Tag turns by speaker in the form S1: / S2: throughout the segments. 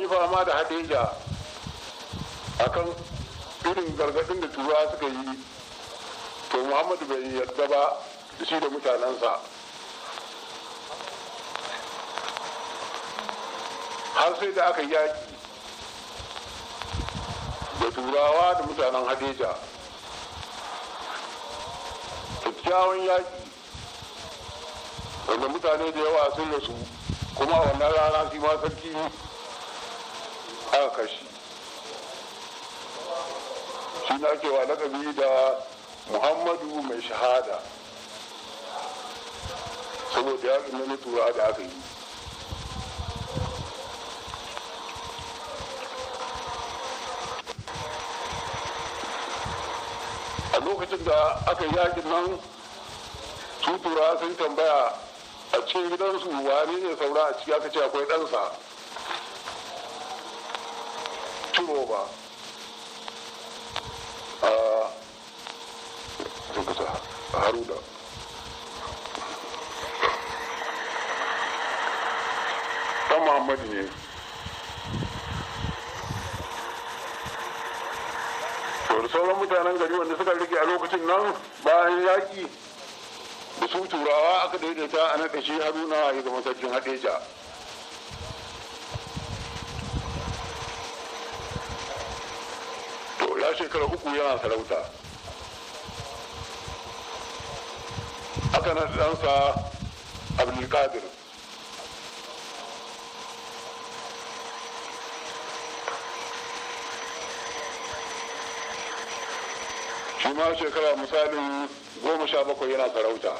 S1: yi fama da hadeja kan irin gargadin da turawa suka yi to muhammadu bai yarda ba shi da mutanensa har sai da aka yaki da turawa da mutanen hadeja kyakkyawan yaki wanda mutane da yawa sun rasu kuma wannan rana shi ma sarki aka kashi shi na ake wa lakabi da muhammadu mai shahada saboda yakin na tura da aka yi a lokacin da aka yi yakin nan tutura sun tambaya a cikin gidansu wane ne saura a ciki aka ce akwai ɗansa сурово. А, как это, Гаруда. Там Амадни. Sauran mutanen gari wanda suka rike a lokacin nan bayan yaƙi da su turawa aka daidaita a na ƙashi haruna ya zama sarkin haɗeja. shekara uku yana sarauta aka na ɗansa abdulkadir shi ma shekara misalin goma sha bakwai yana sarauta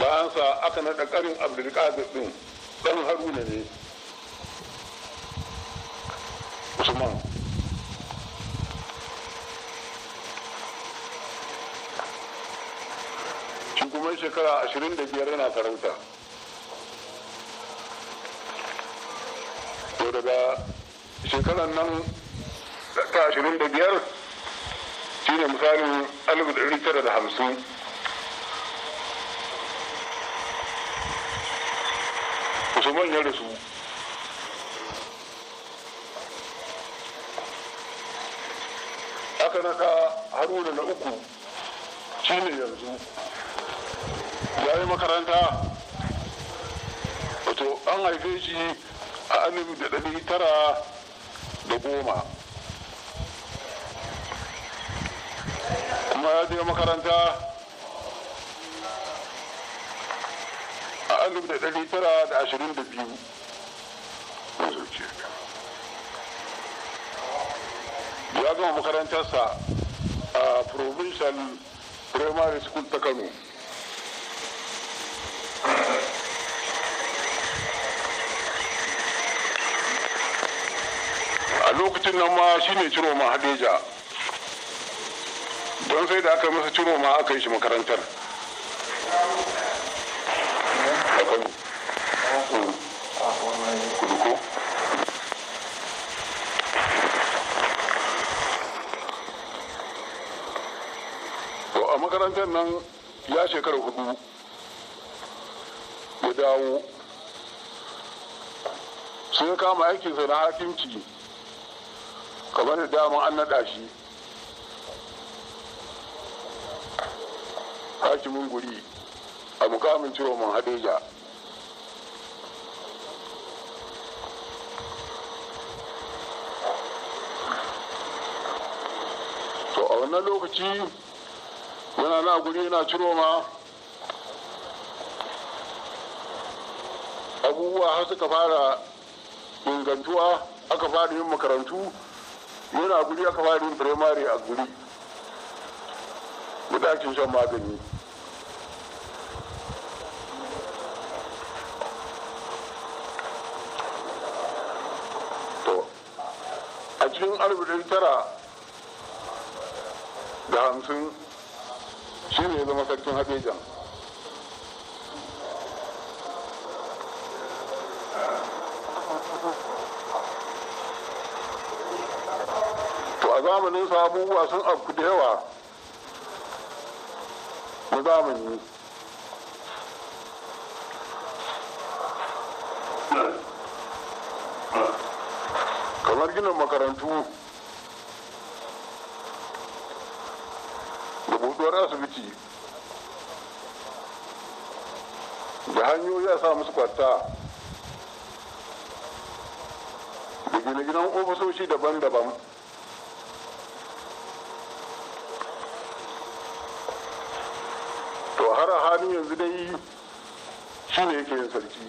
S1: bayansa aka naɗa ƙarin abdulkadir ɗin ɗan haruna ne usman shekara ashirin da biyar yana sarauta to daga shekarar nan ta ashirin da biyar shine misalin alif ɗari tara da hamsin usman ya su, aka naka haruna na uku shine yanzu ya yi makaranta wato an haife shi a alif da ɗari tara da goma kuma ya je makaranta a alif da ɗari tara da ashirin da biyu ya gama makarantarsa a provincial primary school ta kano lokacin nan ma shine ciro ma hadeja don sai da aka masa ciro ma aka yi shi makarantar a makarantar nan ya shekara hudu ya dawo sun kama aikinsa na hakimci ka bani dama an naɗa shi hakimin guri a mukamin ciwo mun hadeja to a wannan lokaci yana na guri yana ciro ma abubuwa har suka fara ingantuwa aka fara yin makarantu yana guri aka fara yin firamare a guri mutakin shan magani a cikin alif tara da hamsin shi ne zama sarkin hadejan a zamanin sabuwa abubuwa sun afku da yawa na zamani kamar ginin makarantu da buɗuwar asibiti da hanyoyi a sa musu kwata da gine-ginen ofisoshi daban-daban har a halin yanzu dai shi ne yake yin sarki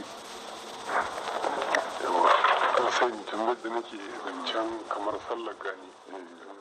S1: sani tun da nake zancen kamar sallar gani eh,